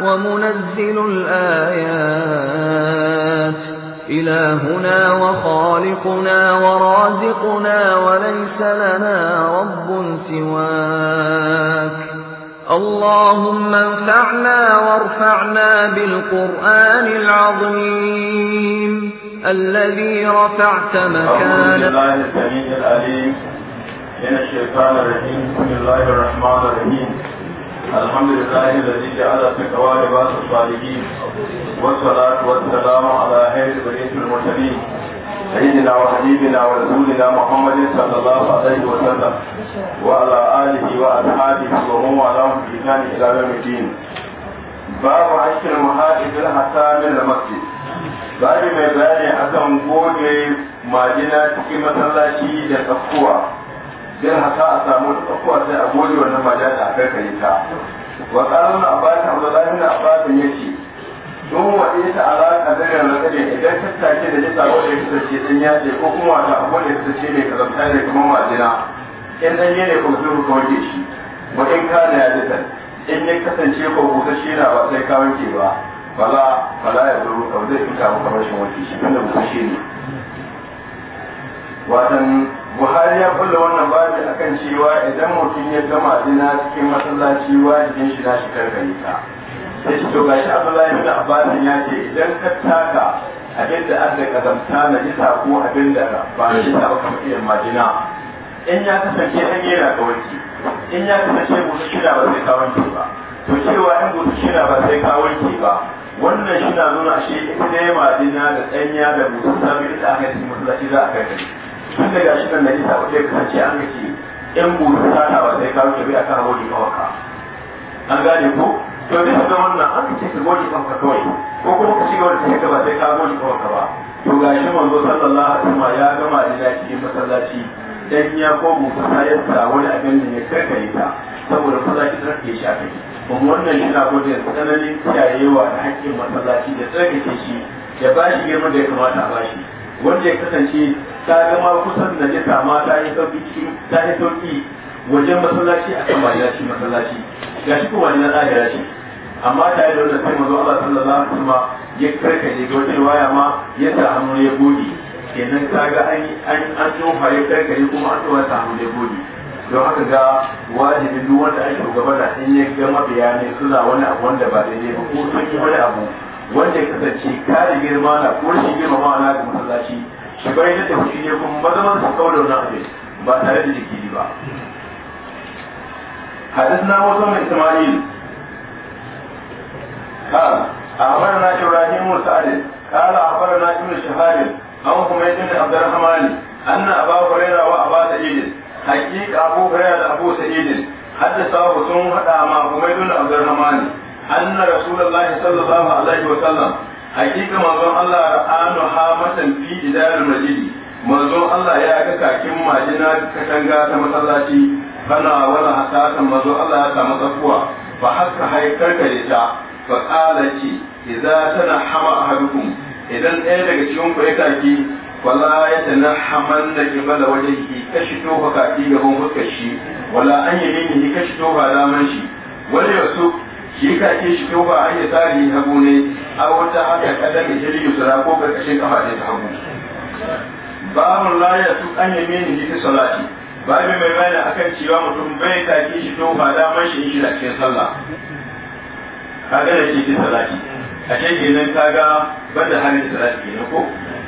ومنزل الآيات إلهنا وخالقنا ورازقنا وليس لنا رب سواك اللهم انفعنا وارفعنا بالقرآن العظيم الذي رفعت مكانه أعوذ بالله السميع العليم من الشيطان الرجيم بسم الله الرحمن الرحيم الحمد لله الذي جعل في قوارب الصالحين والصلاة والسلام على خير بقية المرسلين سيدنا وحبيبنا ورسولنا محمد صلى الله عليه وسلم وعلى آله وأصحابه ومن والاهم بإحسان إلى يوم الدين باب عشر المهاجر الحسان المسجد babi mai bayani akan goge majina cikin masallaci da tsakuwa bin haka a samu wata tsakuwa sai a goge wannan da aka kai ta wa ƙarfin abbasin abdullahi na abbasin ya ce sun waɗe ta yana da ne idan take da jisa da ya kasance ɗan ya ce ko kuma ta abu da ce ne kaza ta ne kuma majina in dan ne ko zuru ka wanke shi wa in ka yadda ta in ne kasance ko ta na ba sai ka wanke ba bala bala ya zuru ka zai fita shi rashin wanke shi mu shi ne watan buhari ya kulle wannan babi akan cewa idan mutum ya gama zina cikin masallaci wajibin shi na shi karkare ta ya ce to gashi abdullahi da abbas ya ce idan ka taka abin da aka kazamta na isa ko abin da ba shi ta ba kamar irin majina in ya kasance an yi ka in ya kasance gusa shida ba sai kawanci ba to cewa in gusa shida ba sai kawanci ba wannan shi na nuna shi ita ne majina da ɗanya da gusa sami da aka yi masallaci za a kai tun da gashi nan najisa wanda ya kasance an gaci yan buru sata ba sai kawo shabi a kan gode kawaka an gane ko to su ga wannan an kace ka gode kawaka kawai ko kuma ka cigaba da ta ba sai kawo gode kawaka ba to gashi manzo sallallahu alaihi wasallam ya gama da cikin masallaci dan ya komo kusa ya sa wani abin da ya karkare ta saboda kusa ki tsarkake shi a kai kuma wannan shi na gode tsananin kiyayewa da haƙƙin masallaci da tsarkake shi ya ba shi girman da ya kamata a ba shi wanda ya kasance ta ma kusan da jisa ma ta yi sauki ta yi sauki wajen masallaci a kan bayan shi masallaci ga shi kuma na tsaya shi amma ta yi dole sai mazo Allah sallallahu alaihi wasallam ya karkace ga wani waya ma ya sa hannu ya gode kenan ga an an an tofa ya karkace kuma an tofa sa hannu ya gode don haka ga wajibin duk wanda ake da in ya ga mabiya ne suna wani abu wanda ba daidai ba ko sun yi wani abu wanda ya kasance kare girma na ko shi girma na ga masallaci shi bai na tafi ne kuma su kaulo na ba tare da jiki ba hadis na wasu mai tamanin a abar na ibrahim musa ne kala abar na ibn shahadin an kuma yi ibn abdurrahman an na aba hurairah wa aba sa'id haqiqa abu hurairah da abu sa'id hadisa wasu sun hada ma kuma ibn abdurrahman anna rasulullahi sallallahu alaihi wa sallam hakika manzon Allah ra'anu hamatan fi idarul majidi manzon Allah ya ga kakin majina katanga ta masallaci bana wala hasatan manzon Allah ya samu tsakuwa fa haka haikar ka ta fa qala ki idza tana hama ahadukum idan ɗaya daga cikin ku ya kaki wala ya tana haman da wajen ki kashi tofa kaki gaban fuskar shi wala an yi ne kashi tofa daman shi wala yasu shi ka ce shi ko ba an yi tsari hagu ne a wata haka kadan da jiri yusra ko karkashin kafa ne ta hagu mun la ya su an yi mini fi salati babu mai bayan akan cewa mutum bai take shi to ba daman shi shi da ke sallah ga da shi salati a ce ka ga banda halin salati ne ko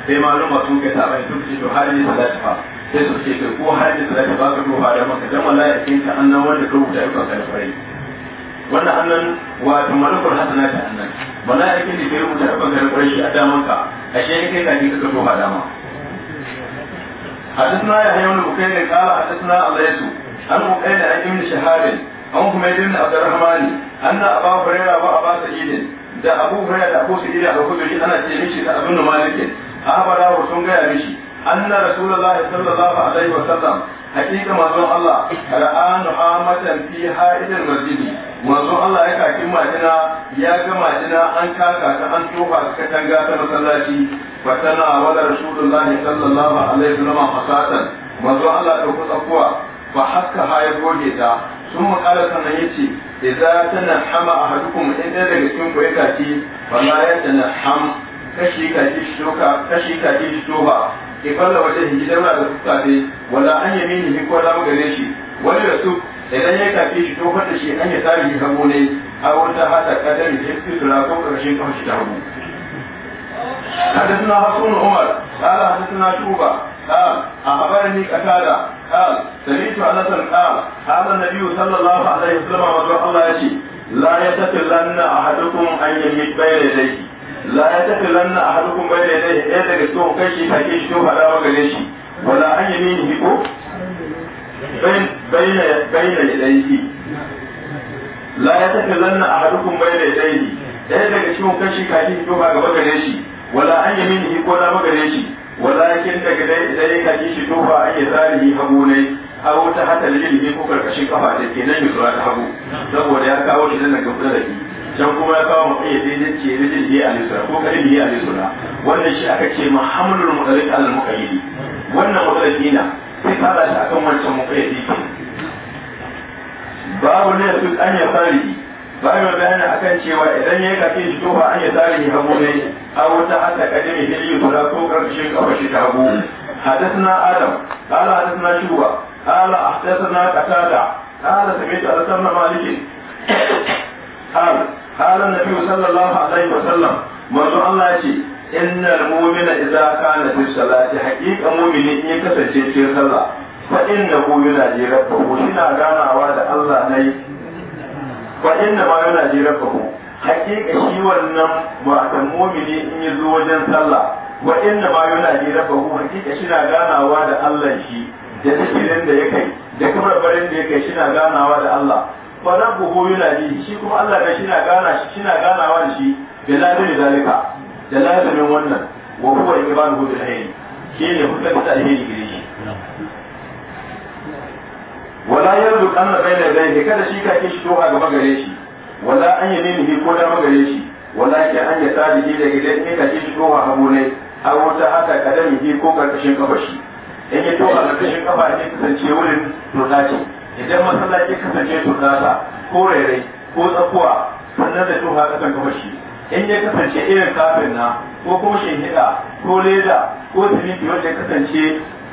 sai maluma sun kai sabani sun ce to halin salati fa sai su ce ko halin salati ba ka to ba da maka dan wallahi kin ka annan wanda ka rubuta ayyukan ka da farai wannan annan wato manufar hasana ta annan mala'ikin da ke rubuta a bangaren ƙwarai a daman ka a shi ne kai ka kaso ba dama حدثنا يحيى بن بكير قال حدثنا الليث عن بكير عن ابن شهاب عن حميد بن عبد الرحمن ان ابا هريره وابا سعيد da abu hurairu da abu sa'id da abu hurairu ana ce mishi da abin malikin ahbara wa sun gaya mishi anna rasulullahi sallallahu alaihi wa sallam hakika manzon Allah ra'a nuhamatan fi ha'idil masjidi manzon Allah ya kaki majina ya ga majina an kaka ta an tofa ta katanga ta masallaci wa tana wala rasulullahi sallallahu alaihi wa sallam fasatan manzon Allah ya kusa kuwa fa haka ha ya goge ta sun makala sannan ya ce idza tanahama ahadukum in ɗaya daga cikin ku ya kaki fa la yatanaham kashi kaki kashi kaki shuka ke balla wajen hiji da da fuska ne wala an mini hi ko mu gare shi wani rasu idan ya tafi shi to fata shi an ya tare shi hagu ne a wata hada kadari da yake tura ko karshen kan shi da hagu حدثنا ni عمر قال حدثنا شوبة قال أخبرني قتادة قال سمعت أنس ya قال النبي صلى الله عليه وسلم وجه الله يشي لا يتفلن أحدكم أن يميت بين يديه la ya tafi lanna a hadukun bai da dai ɗaya daga cikin kai shi take shi to halawa gare shi wala an yi mini hiko bayyana idaihi la ya tafi lanna a hadukun bai da idaihi ɗaya daga cikin kai shi take shi to ba gare shi wala an yi mini hiko na magare shi wala kin daga dai idai take shi to ba an yi zalihi hagu ne hagu ta hatalin ne ko karkashin kafa da ke nan yusra ta hagu saboda ya kawo shi nan ga kudu da can kuma ya kawo mutum ya daidai ce da jin biya alisuna ko kalin biya wannan shi aka ce muhammadul mutalib al muqayyidi wannan mutalabi na sai fara shi akan wancan muqayyidi ke babu ne su an ya fari bayan bayani akan cewa idan ya kafe shi to ba an ya tsari hagu ne a wata hata kadimi hiliyu tura ko karshen kafa shi ta hagu حدثنا آدم قال حدثنا شوبة قال حدثنا قتادة قال سمعت أنس بن قال قال النبي sallallahu alaihi wa sallam. manzo Allah ya ce innal mu'mina idza kana fi salati haqiqa mu'mini in kasance cikin sallah fa innahu yunaji rabbahu shina ganawa da Allah nai fa inna ma yunaji rabbahu haqiqa shi wannan ba mu'mini in zo wajen sallah wa inna ma yunaji rabbahu haqiqa na ganawa da Allah shi da zikirin da ya kai da barin da ya kai na ganawa da Allah ba za ku goyi na ji shi kuma Allah ga shi na gana shi shi na ganawa da shi da lazimin zalika da lazimin wannan wa huwa ibanu bil hayri shi ne mutunta alheri gare shi wala yanzu anna bayna ne kada shi kake shi doha ga magare shi wala an yaminihi ko dama gare shi wala ke an ya tadi da gidan ne kake shi doha hagu ne har wata haka kadan kadami ko karkashin kafa shi in ya ga karkashin kafa ne kasance wurin to dace idan masallaci kasance nasa ko rairai ko tsakuwa sannan da tuha kasan shi in ya kasance irin kafin na ko kuma shinhiɗa ko leda ko siminti wanda ya kasance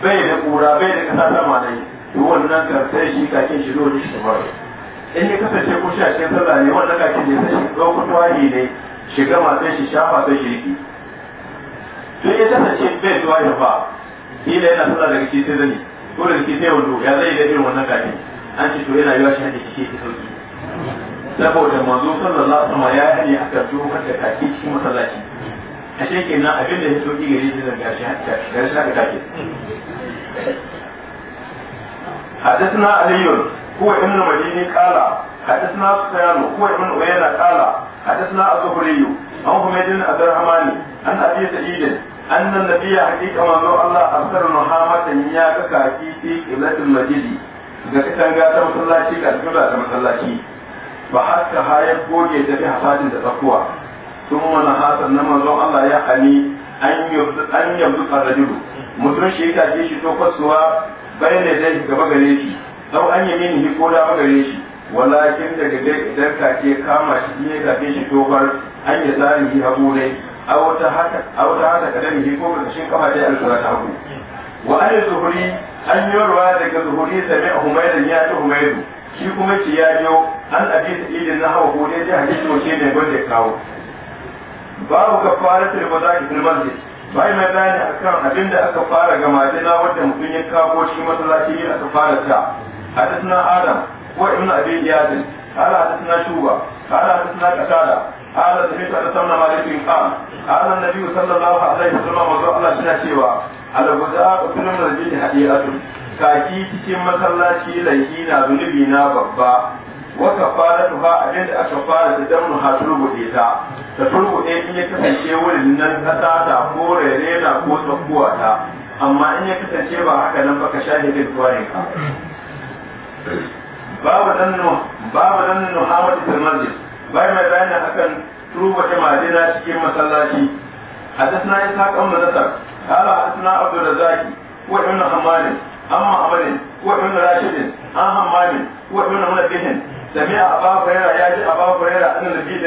bai da ƙura bai da kasa sama ne to wannan karsai shi kakin shi dole shi ba in ya kasance ko shi a cikin sallah ne wanda kakin ne sai shi ɗaukar ne shiga sai shi shafa sai shi riki to ya kasance bai tuwahi ba kila yana sallah daga kitai zani ko da daga kitai wando ya zai da irin wannan kakin an ce to yana yawa shi hadisi ke sauki saboda manzo sallallahu alaihi wasallam ya aka da kaki cikin masallaci a shi abin da ya sauki gare shi da gashi haka gashi haka take حدثنا علي هو ابن مديني قال حدثنا سفيان هو ابن عيينة قال حدثنا الزهري عن حميد عبد الرحمن عن ابي سعيد ان النبي حديث ما الله ارسل نحامة يا كاكي في قبلة المسجد da katanga ta masallaci ga jula ta masallaci ba hatta hayar goge ta bi hasadin da tsakuwa sun wani hasan na manzon Allah ya hani an yanzu tsarradiru mutum shi ya tafi shi to kwasuwa bayan da zai gaba gare shi sau an yi mini ko da gare shi walakin daga idan kake kama shi ya tafi shi tobar an yi zalihi hagu ne a wata haka kadan ko kashin kafa ta yi alfura ta hagu wa an zuhuri an yi ruwa daga zuhuri sami a humaidu ya ci humaidu shi kuma ce ya jiyo an abi da na hawa ko dai hadisi ko ce ne gwada kawo babu ka fara ta ba za ki filmar ne bai mai bayani akan abin da aka fara ga majina wanda mutum ya kawo cikin masallaci ne aka fara ta hadisna adam ko ibnu abi iyadin قال حدثنا شوبة قال حدثنا قتادة قال سمعت أنس بن مالك قال قال النبي صلى الله عليه وسلم وقال الله شيئا albuda usulun masjid hadiyatu kaki cikin masallaci laifi na zunubi na babba wa kafaratu ha abin da aka fara da damu ha turbude ta ta turbude in ya kasance wurin nan kasa ta ko na ko tsakuwa ta amma in ya kasance ba haka nan baka shahidin tuwarin ka babu dan babu dan Muhammad bin Masjid bai mai bayani akan turbude madina cikin masallaci حدثنا إسحاق بن نصر قال حدثنا عبد الرزاق وابن حمام عن معمر وابن راشد عن حمام وابن منبه سمع ابا هريره ياتي ابا هريره ان النبي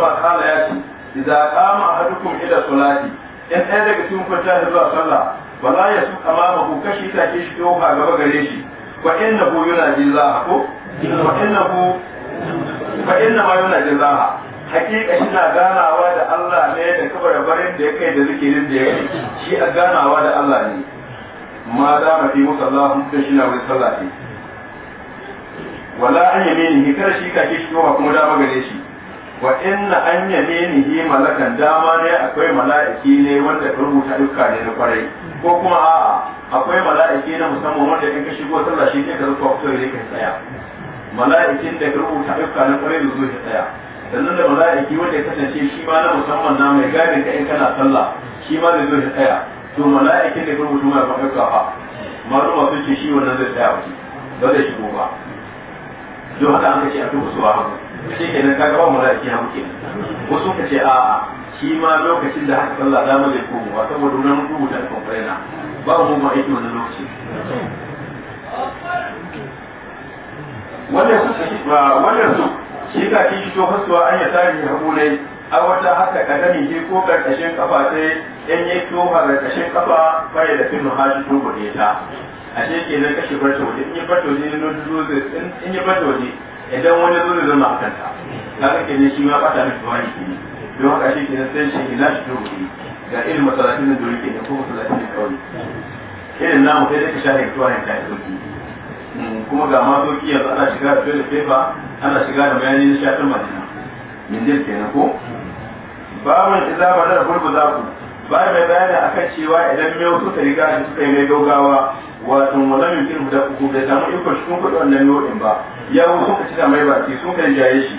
قال ياتي قام in ɗaya daga cikin kwanta zuwa sallah wala ya su amamahu kashi ta gaba gare shi hakika shi na ganawa da Allah ne da kabarbarin da ya kai da zikirin da ya yi shi a ganawa da Allah ne ma za mu fi musu Allah mun shi na wani sallah wala an yaminihi kada shi ka shi kuma kuma dama gare shi wa inna an yaminihi malakan dama ne akwai mala'iki ne wanda ka rubuta dukka ne na kwarai ko kuma a'a akwai mala'iki na musamman wanda in ka shigo sallah shi ne ka rubuta fito ne ka tsaya mala'ikin da ka rubuta dukka na kwarai da zuwa tsaya sannan da mala'iki wanda ya kasance shi ma na musamman na mai gadin ka in kana sallah shi ma zai zo ya tsaya to mala'ikin da ya rubuta mai mafarka fa maluma sun ce shi wannan zai tsaya wuce ba zai shigo ba don haka an kace a tuba suwa hagu shi ke nan kaga ba mala'iki hagu ke wasu ka ce a shi ma lokacin da haka sallah dama zai komo ba saboda wannan rubuta da kwamfurena ba mu ma aiki wannan lokaci wannan su shi ka ci fito fasuwa an ya tare ya hulai a wata haka kadani ne ko karkashin kafa sai in yi to karkashin kafa bai da fim haji tubu ne ta ce ke nan kashe barta waje in yi barta waje ne don zuzu in yi barta ne idan wani zuzu zama a kanta kaga ke ne shi ma bata mai tuwa ne don haka shi ke nan sai shi ina shi tubu ne ga irin masalatin da dole ke ne ko masalatin da kawai irin namu sai da ka shahe tuwa ne ta yi sauki kuma ga ma doki yanzu ana shiga da toilet paper ana shiga da shi na kan madina min ke kenan ko da idza za ku ba bai mai bayani akan cewa idan mai ta riga shi suka yi mai gaugawa wato malamin kin da ku da samu iko kun kudi wannan nau'in ba ya wu suka ci da mai baki sun kan jaye shi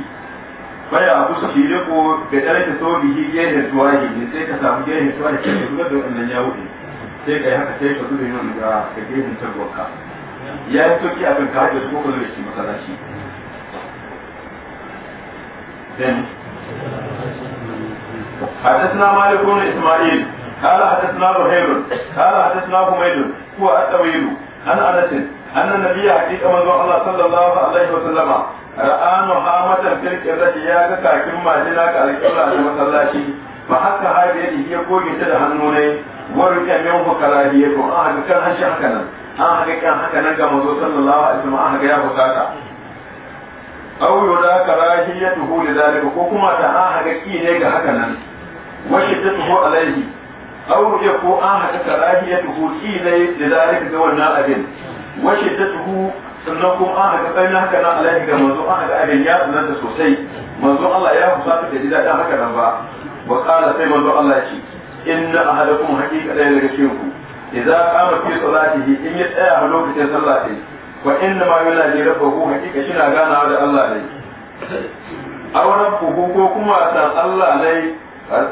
bai a kusa shi da ko da tsare so bihi gehen tuwaji ne sai ka samu gehen da ke da wannan yawo sai kai haka sai ka zuba yin da gehen tabbarka ya yi sauki abin ka hajjar ko kuma shi masallaci dan حدثنا مالك بن اسماعيل قال حدثنا زهير قال حدثنا حميد هو الطويل عن انس ان النبي حقيقه من الله صلى الله عليه وسلم راى في يا ما هذه هي كراهيه كان an haka kan haka nan ga mazo sallallahu alaihi wasallam an haka ya bukata aw tuhu li zalika ko kuma ta an haka ki ne ga haka nan wa shiddatuhu alaihi aw ya ko an haka tuhu ki ne zalika ga wannan abin wa shiddatuhu sannan kuma an haka na haka nan alaihi ga mazo an haka abin ya tsananta sosai manzo Allah ya fusata da jida da haka nan ba wa qala sai manzo Allah ya ce inna ahadakum haqiqatan la daga idza qama fi salatihi in ya tsaya a lokacin sallah ne wa inna ma yunaji rabbahu hakika shi na ganawa da Allah ne aw rabbuhu ko kuma san Allah ne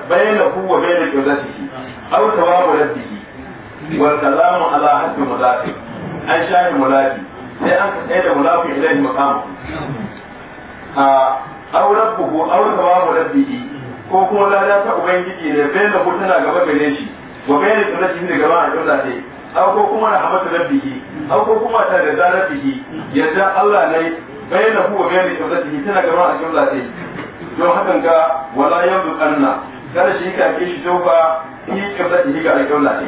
bainahu wa bain qiblatihi aw tawabu rabbihi wal kalamu ala hadd mulafi an shayi mulafi sai an kai da mulafi ilaihi maqam a aw rabbuhu aw tawabu rabbihi ko kuma lada ta ubangiji ne bainahu tana gaba gare shi wa bayan sunnati ne gaba a jumla ce aw ko kuma rahmatu rabbihi aw ko kuma ta da zalatihi yadda Allah ne bayan hu wa bayan sunnati tana gaba a jumla ce don hakan ka, wala yanzu anna kada shi ka ke shi tauba yi kiblatihi ga alƙawla ce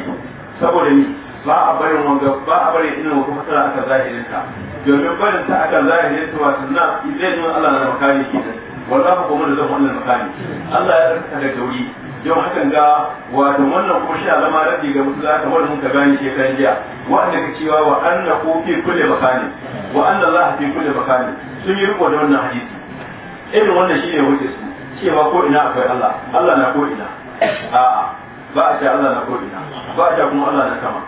saboda ni ba a barin wanga ba a barin ina wata matsala akan zahirinta domin barin ta akan zahirinta wato na zai nuna Allah na makami kenan wallahu kuma da zan wannan makani? Allah ya tsaka da gauri don hakan ga wato wannan kuma shi zama rabbi ga mutu zaka wanda mun ka gani shekaran jiya wanda ka cewa wa anna ku fi kulli makani wa anna Allah fi kulli makani sun yi riko da wannan hadisi irin wannan shine wuce su cewa ko ina akwai Allah Allah na ko ina a'a ba a ce Allah na ko ina ba a ce kuma Allah na kama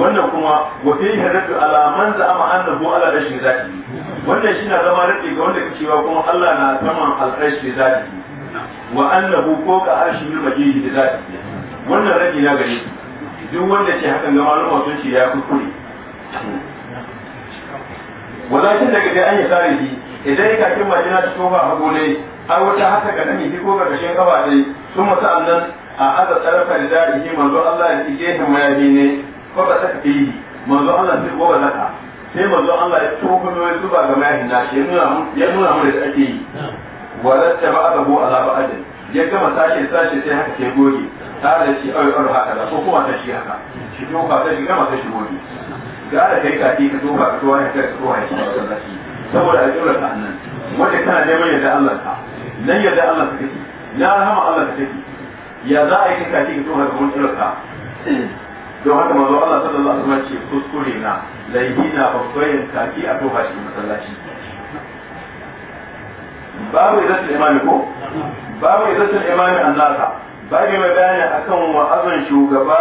wannan kuma wa fi hadatu ala man za'ama annahu ala rashin zati wannan shi na zama rabbi ga wanda ka cewa kuma Allah na kama al-rashin zati wa annahu ko ka arshi bil majid da zati wannan rage na gari. duk wanda ce hakan ga malama sun ce ya kuskure walakin daga dai an yi tarihi idan ya kafin majina ta tofa a gole har wata haka ka nan ko ga kashin kafa dai sun mutu annan a haka tsarafa da darihi manzo Allah ya ike shi mayafi ne ko ba ta kafi manzo Allah sai ko ba zaka sai manzo Allah ya tofa mai zuba ga mayafi na shi ya nuna mu da ake yi walar ta ba abu ala ba ajin ya gama sashe sashe sai haka sai goge ta da shi aure aure haka da ko kuma ta shi haka shi doka ta shi gama ta shi goge ga da kai kaki ka doka ka tuwa ya kai ka tuwa ya shi masallaci saboda a jura ta annan wanda kana neman yadda Allah ka nan yadda Allah ka kake na rahama Allah ta kake ya za a yi kai kaki ka tuwa ka mun jura ka don haka manzo Allah sallallahu alaihi wasallam ce kuskure na laifi na babban kaki a tuwa shi masallaci babu izatul imami ko babu izatul imami annasa babu mai bayani akan azan shugaba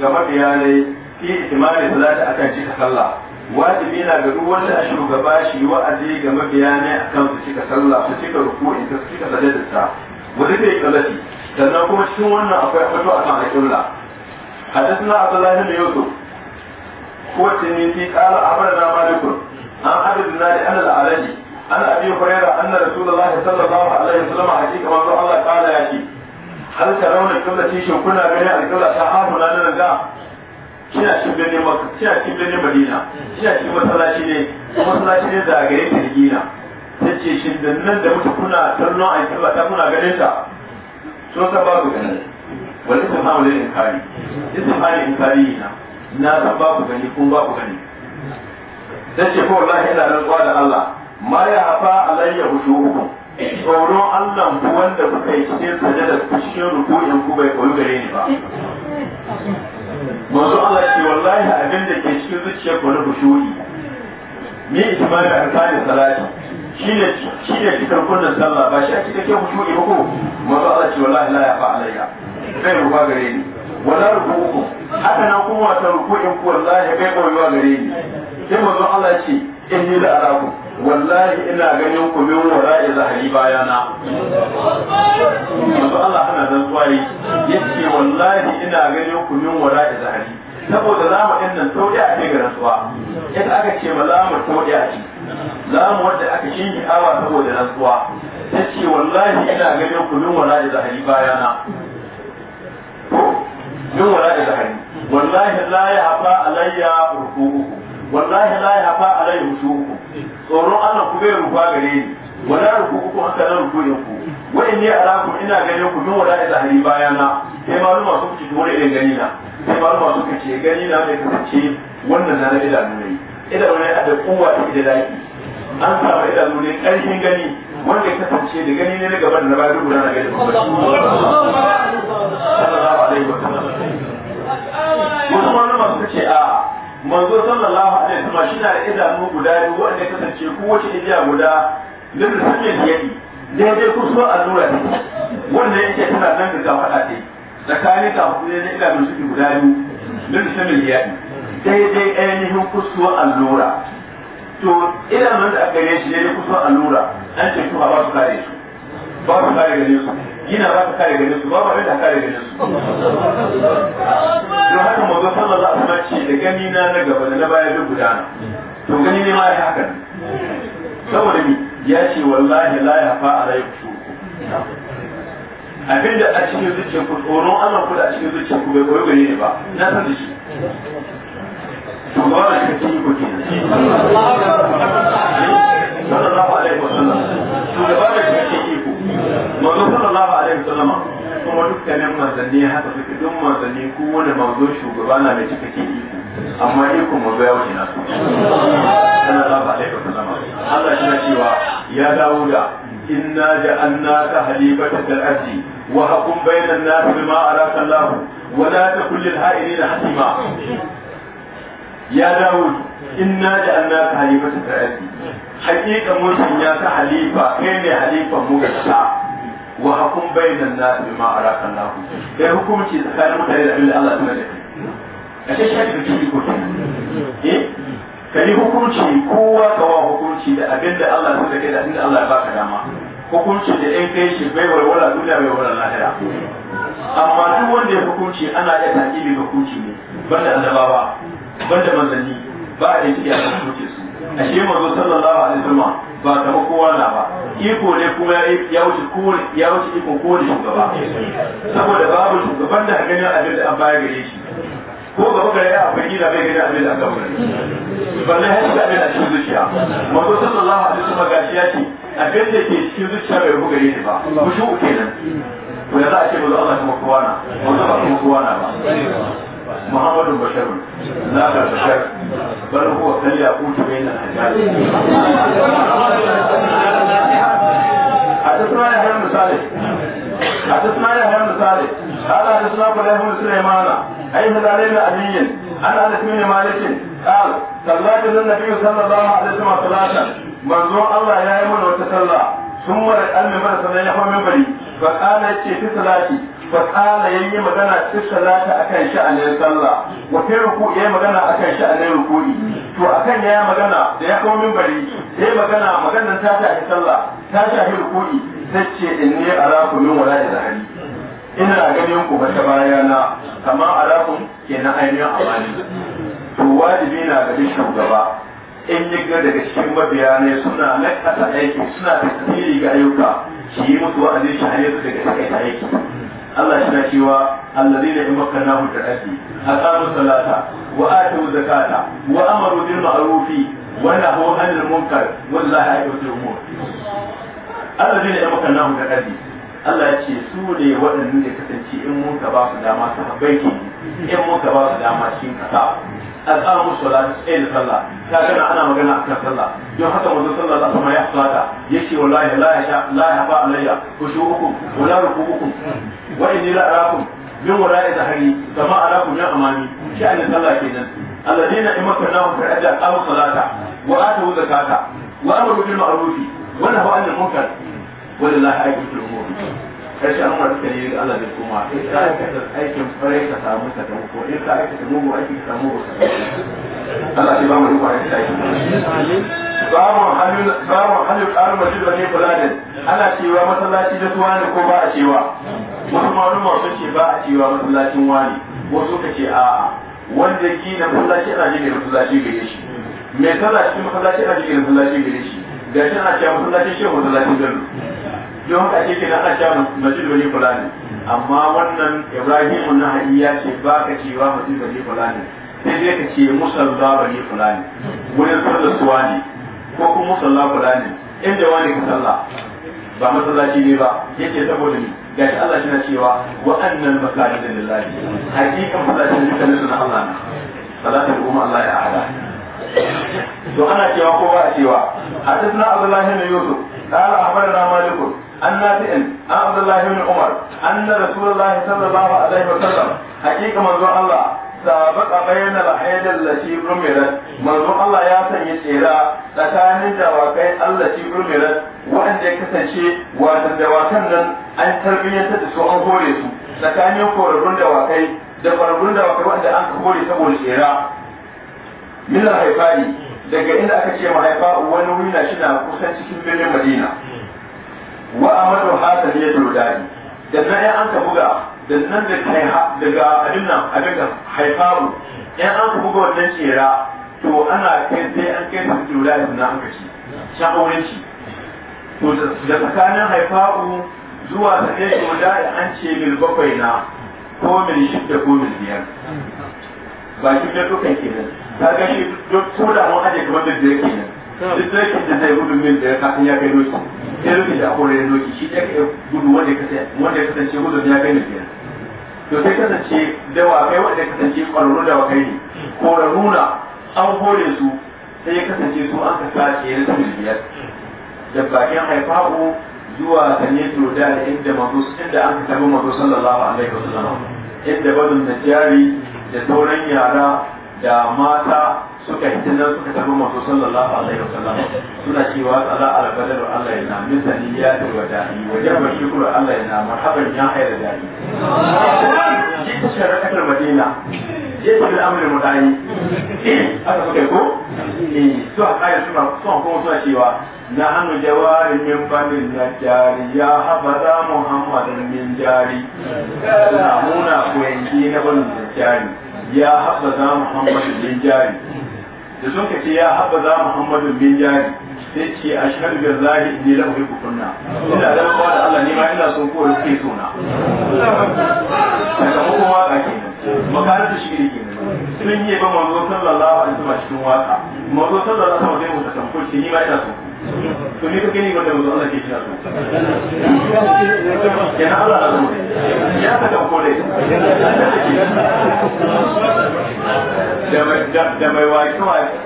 ga mabiya ne fi itimali salati akan cika sallah wajibi na ga duk wanda shugaba shi wa'azi ga mabiya ne akan su cika sallah su cika ruku'i su cika sajadarsa wanda zai kalati sannan kuma cikin wannan akwai fito akan alƙibla حدثنا عبد الله بن يوسف هو التنيسي قال أخبرنا مالك عن عبد الله أن العلي an abi hurairah anna rasulullah sallallahu alaihi wasallam hakika manzo Allah ta'ala ya ce hal tarawna kullati shin kuna ganin alƙalla ta hafuna na ga kina cikin ne maka kina cikin ne madina kina cikin masallaci ne masallaci ne da gare ta gina tace shin da nan da mutu kuna kallon alƙalla ta kuna ganin ta so ka ba ku ganin wal istifhamu lil inkari istifhamu inkari na na san ba ku gani kun ba ku gani tace ko wallahi ina rantsuwa da Allah ma ya fa alayya hushukum tsoron Allah ku wanda kuka yi cikin sajada cikin ruku'in ku bai koyi gare ni ba manzo Allah ce wallahi abin da ke cikin zuciyar ku na hushu'i ni ismail arkani salati shi ne cikin kunnan sallah ba shi a cikin hushu'i ba ko manzo Allah ce wallahi la ya fa alayya bai ruwa gare ni wala ruku'ukum haka nan kuma wata ruku'in ku wallahi bai koyi gare ni sai manzo Allah ce inni da arabu wallahi ina ganin ku min wara'i zahari bayana yanzu Allah hana zan tsayi yace wallahi ina ganin ku min wara'i zahari saboda lamu din nan tauɗi a ce ga rantsuwa yadda aka ce ma lamu tauɗi a ce lamu wadda aka shinki awa saboda rantsuwa yace ce wallahi ina ganin ku min wara'i zahari bayana min wara'i zahari wallahi la ya hafa alayya rukuku wallahi la ya fa alai rusuku tsoron Allah ku bai rufa gare ni wala ruku ku haka nan ruku ku wa in ya ina ganin ku min wala ila hari bayana sai maluma su ci dole da gani na sai maluma su ce gani na da kace wannan na da idanu Idan wani ne da kowa da idanu an samu idanu ne karfin gani wanda ya kasance da gani ne na gaban da na bayan rubuta na gani sallallahu alaihi wa wasu maluma su ce a manzo sallallahu alaihi wasallam shi na da idanu guda biyu wanda ya kasance kowace igiya guda da musulmin yadi daidai a allura ne wanda yake tana nan ga faɗa ce tsakanin ka hudu ne ina da suke guda biyu da musulmin yadi daidai ainihin a allura to idanun da aka yi shi so a allura an ce su ba su kare su ba su kare gare su yana za ka kare ganin su ba ba da kare ganin su don haka mazo sallar za a sama ce da gani na na gaba da na baya duk gudana to gani ne ma ya haka saboda ni ya ce wallahi la ya fa alai ku abinda a cikin zuciyar ku tsoron Allah ku da a cikin zuciyar ku bai koyo gani ne ba na san da shi to ba da kace ku kenan sallallahu alaihi wasallam manzo sallallahu alaihi wasallam kuma dukkanin manzanni haka suke duk manzanni ko wani manzo shugaba na da cika ke iko amma iko manzo ya wuce nasu sallallahu alaihi wasallam Allah yana cewa ya dawo da inna ja'alnaka halifatan fil arzi wa hakum bainan nas bima araka Allah wa la takul lil ha'ilina hasima ya dawo inna ja'alnaka halifatan fil arzi hakika mun sanya ta halifa kai ne halifan mu ga wa hakum bainan nas bima araka Allah kai hukunci tsakanin mutane da abin Allah ya sanar da kai a shi shi da kike ko eh kai hukunci kowa wa hukunci da abin da Allah ya sanar da kai Allah ya baka dama hukunci da in kai shi bai walwala duniya bai walwala lahira amma duk wanda ya hukunci ana iya takibi ga hukunci ne banda annabawa banda manzanni ba a yi kiyar hukunci su a shi sallallahu alaihi wasallam ba ta ba kowa na ba iko ne kuma ya wuce kowane ya wuce iko kowane shugaba saboda babu shugaban da ganin abin da an baya gare shi ko gaba baka ya akwai da bai gani abin da aka wuri balle har da abin da cikin zuciya manzo sallallahu alaihi wasallam shi ya ce abin da ke cikin zuciya bai rubu gare shi ba ku shi nan ko ya za a ce za a kuma kowa na ba kuma kowa na ba محمد بشر لا بشر بل هو كالياقوت بين الحجاج حدثنا يا هيا صالح حدثنا يحيى بن صالح قال حدثنا قليل بن سليمان اي هلال بن علي عن انس بن مالك قال صلى النبي صلى الله عليه وسلم صلاه منظور الله يا يمن وتصلى ثم رأى من مرسل يحوى من بري فقال يتشي في صلاتي فقال يي مغانا في الصلاة أكن شأن الصلاة وفي الركوع يي مغانا أكن sha'anar الركوع to akan ya magana da ya kawo minbari ya magana maganar ta shahi sallah ta shahi rukuni sai ce a araku min wala da zahari ina ganin ku ba ta na, kama a ke na ainihin amani to wajibi na ga dukkan gaba in yi gina daga cikin mabiya ne suna nakasa aiki suna tasiri ga ayyuka shi yi musu wa'azin shahiyar daga takaita aiki Allah shi na cewa allazina in ake a aqamu salata wa wuza kata wa amaru bil ma'arufi wanda hau hannun munkar wallahi ayatul umur allazina in makkannahum ta'ati Allah ya ce su ne waɗannan da kasance in mun ka ba su dama su habbaiki in mun ka ba su dama cikin kasa al'amu sala tsayin sallah ta gana ana magana a kan sallah don haka manzo sallah za ma ya salata yace wallahi la ya sha la ya ba alayya khushu'ukum wa la ruku'ukum wa inni la arakum min wara'i zahri kama arakum ya amani shi an sallah kenan alladina in makkannahum fil ajr qamu salata wa atu zakata wa amaru bil ma'ruf wa nahaw 'anil munkar walillahi ayatul umur kashi an wata kare ga Allah da kuma in ka aikata aikin kwarai ka samu sakamako in ka aikata mugu aiki ka samu ba sakamako Allah shi ba mu ruwa ya tashi babu halul babu halul armashin da ne fuladin ana cewa masallaci da suwa ne ko ba a cewa wasu maluma sun ce ba a cewa masallacin wani wasu ka ce a'a wanda ki na masallaci ana jirgin masallaci gare shi mai sallah cikin masallaci ana jirgin masallaci gare shi ga shi ana cewa masallacin shehu masallacin gano don haka ake kina an sha masjid bani fulani amma wannan Ibrahim na hadiya ce ba ka cewa masjid bani fulani sai dai ka ce musalla bani fulani wurin sallar suwa ne ko kuma musalla fulani inda wani ka salla ba masallaci ne ba yake saboda ni gashi Allah shi na cewa wa'annan masajid lillahi hakikan masajid ne kana na Allah ne salatul kuma Allah ya ahada to ana cewa ko ba a cewa hadithna Abdullahi bin Yusuf قال أخبرنا مالك An نافع عن عبد الله بن عمر أن رسول الله صلى الله عليه وسلم حقيقة منظور الله سابق بين الحيد التي برملت منظور tsakanin dawakai Allah shi waɗanda ya kasance watan dawakan nan an tarbiyyantar da su an hore su tsakanin korarrun dawakai da kwararrun dawakai waɗanda an hore saboda tsira min ne, daga inda aka ce mahaifa wani wuri na shi na kusan cikin birnin Madina wa amadu hasan ya da rudani da nan ya an ka buga da nan da kai daga abin nan abin da haifaru ya an ka buga wannan shera to ana kai sai an kai su rudani na an ka ci shan auren to da tsakanin haifaru zuwa da ne rudani an ce mil bakwai na ko mil shida ko mil biyar ba shi da dukkan kenan ta ga shi duk tura mun aje kamar da biyar kenan duk dokin da zai gudu min da ya kafin ya kai doki ya rufe da akwai da doki shi ɗaya gudu wanda ya kasance gudun ya kai nufiya to sai kasance dawa kai wanda ya kasance ƙwararru dawa kai ne ko nuna an hore su sai ya kasance su an ka sace ya rufe biyar da bakin haifa'u zuwa sanye da da inda mazo inda an ka tabi mazo sallallahu alaihi wasallam inda bazin jari da sauran yara da mata suka yi tunan suka tabi masu sallallahu alaihi wasallam suna cewa tsala kadar Allah ya na sani ya ta yi waje ba shi shukuru Allah ya na marhaban ya hayar da'i shi ta sharakatar madina je ce da amurin mutane aka suka ko eh, su a kayan suna suna kuma suna cewa na hannu jawarin min fadin na jari ya haɓaza muhammadin min jari suna muna kuwanci na fadin na jari ya haɓaza muhammadin min jari da sun kace ya haɓa za muhammadu bin jari sai ce a shahar da zahi ne da wuri kukunna ina da ba da Allah ne ma ina son kowa suke sona sakamakon waka ke makarar da shi ke sun yi ba manzo sallallahu alaihi wasallam cikin waka manzo sallallahu alaihi wasallam sai mu ta ni ma ina son to ne kake yi wanda wanzu ke yana Allah da zama ya ta kan kore da mai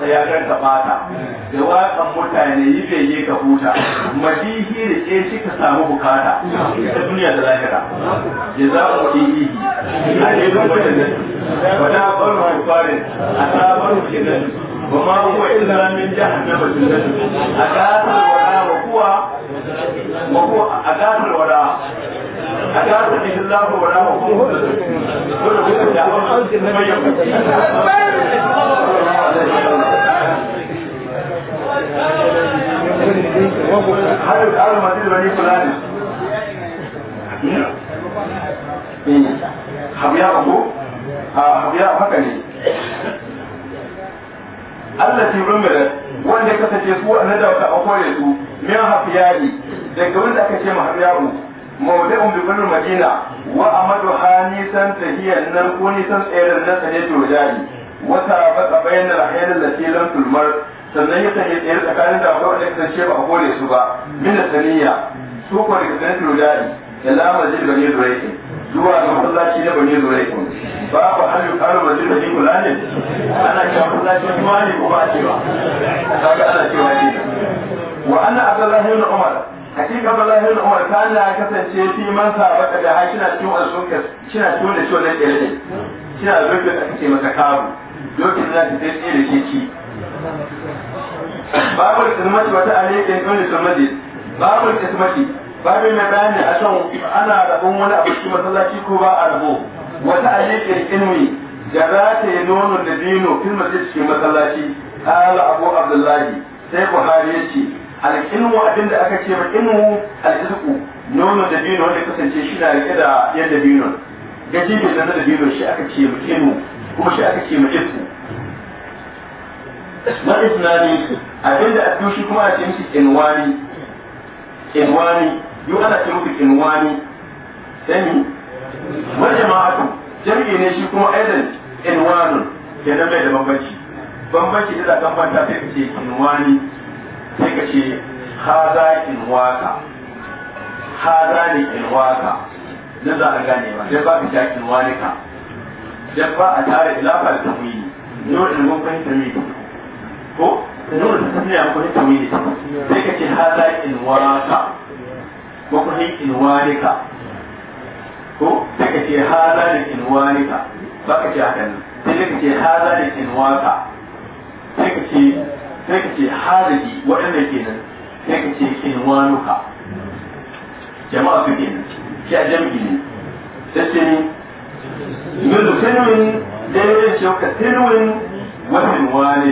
ya ka da wakan mutane yi feye ka huta madihi da ke shi ka samu bukata ta duniya da lahira ya za mu ihi a ne duk wajen wata barin kwarin a sabon kenan وما هو إلا من جهنم الجنة أكاثر الولاء وهو وهو أكاثر الولاء أكاثر به الله ولا وهو هل الآن ما تدري فلان؟ Allah ti da wanda ce su a nada ka akwai su min hafiyari daga wanda aka ce ma hafiyaru mawdu'un bi birnin madina wa amadu hanisan tahiyan nan ko nisan tsayar nan sane to jari wata baka bayyana rahayin latilan tulmar sannan ya sanya tsayar tsakanin da akwai wanda kasance ba a su ba min saniya su ko daga sanin to jari da lamar jil bane zuwa shi na bane zuwa babu an yi karo ba zai kula ne ana cewa kula ce kuma ne ko ba a cewa kaga ana cewa ne wa anna abdullahi na umar hakika abdullahi na umar ta na kasance fi man sabaka da ha kina cikin asunka kina cikin da shonan ɗaya kina zuwa da kake masa kabu lokacin da ta tsaye da ke ci babu kismati wata alaikin ɗaure sunnati babu kismati babu mai bayani a kan ana rabon wani abu cikin masallaci ko ba a rabo wata ayyukan ilmi da za ta yi nono da dino fil masjid cikin masallaci ala abu abdullahi sai ku ya ce al-ilmu abinda aka ce ma ilmu al-izqu nono da dino wanda kasance shi na rike da yadda dino gaji ke da dino shi aka ce ma ilmu kuma shi aka ce ma izqu na isnani abinda a dushi kuma a ce mishi inwani inwani yau ana ce muku inwani sani wani jama'atu jam'i ne shi kuma aidan inwanun kenan mai da bambanci bambanci da zakan banta sai ka ce inwani sai ka ce haza inwaka haza ne inwaka na za a gane ba sai ba ka ce inwanika dan ba a tare ilafa da tawili nuna ilmin fahimta mai ko nuna ta tafiya ko ta tawili sai ka ce haza inwaka ko kuma inwanika ko daga ka ce haza da kinwanika ba ka ce haka nan sai ka ce haza da kinwaka sai ka ce sai ka ce hazaki waɗanda kenan sai ka ce inwanuka jama'a su nan shi a jami'i ne sai ce ni yanzu tilwin daidai ce ka tilwin wasin wani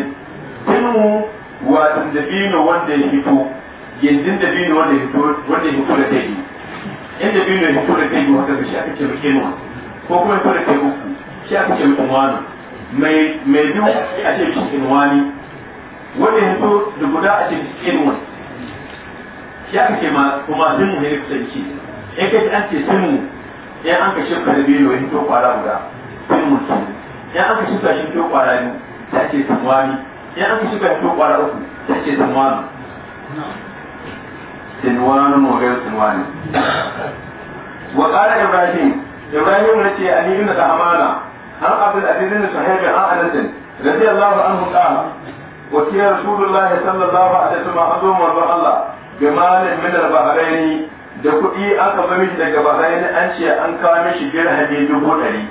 tilwu wasan dabino wanda ya fito yanzu dabino wanda ya fito da ta yi yadda biyu ne mutum da zai yi haka shi aka ce mu kinu ko kuma mutum da zai uku shi aka ce mu inwanu mai mai biyu a ce shi inwani wanda ya so da guda a ce shi inwan shi aka ce ma kuma sun mu ne kusanci in ya ce an ce sun ya in an ka shirka da biyu ya to kwara guda sun mu ya an ka shirka shi to kwara biyu ta ce sun wani in an ka shirka shi to kwara uku ta ce sun wani سنوان وغير سنوان وقال إبراهيم إبراهيم نتي علي بن أمانة عن عبد العزيز بن صهيب عن أنس رضي الله عنه قال وكي رسول الله صلى الله عليه وسلم أعظم ورضى الله بمال من البحرين da kuɗi aka bar mishi daga bahrain an ce an kawo mishi dirhami dubu ɗari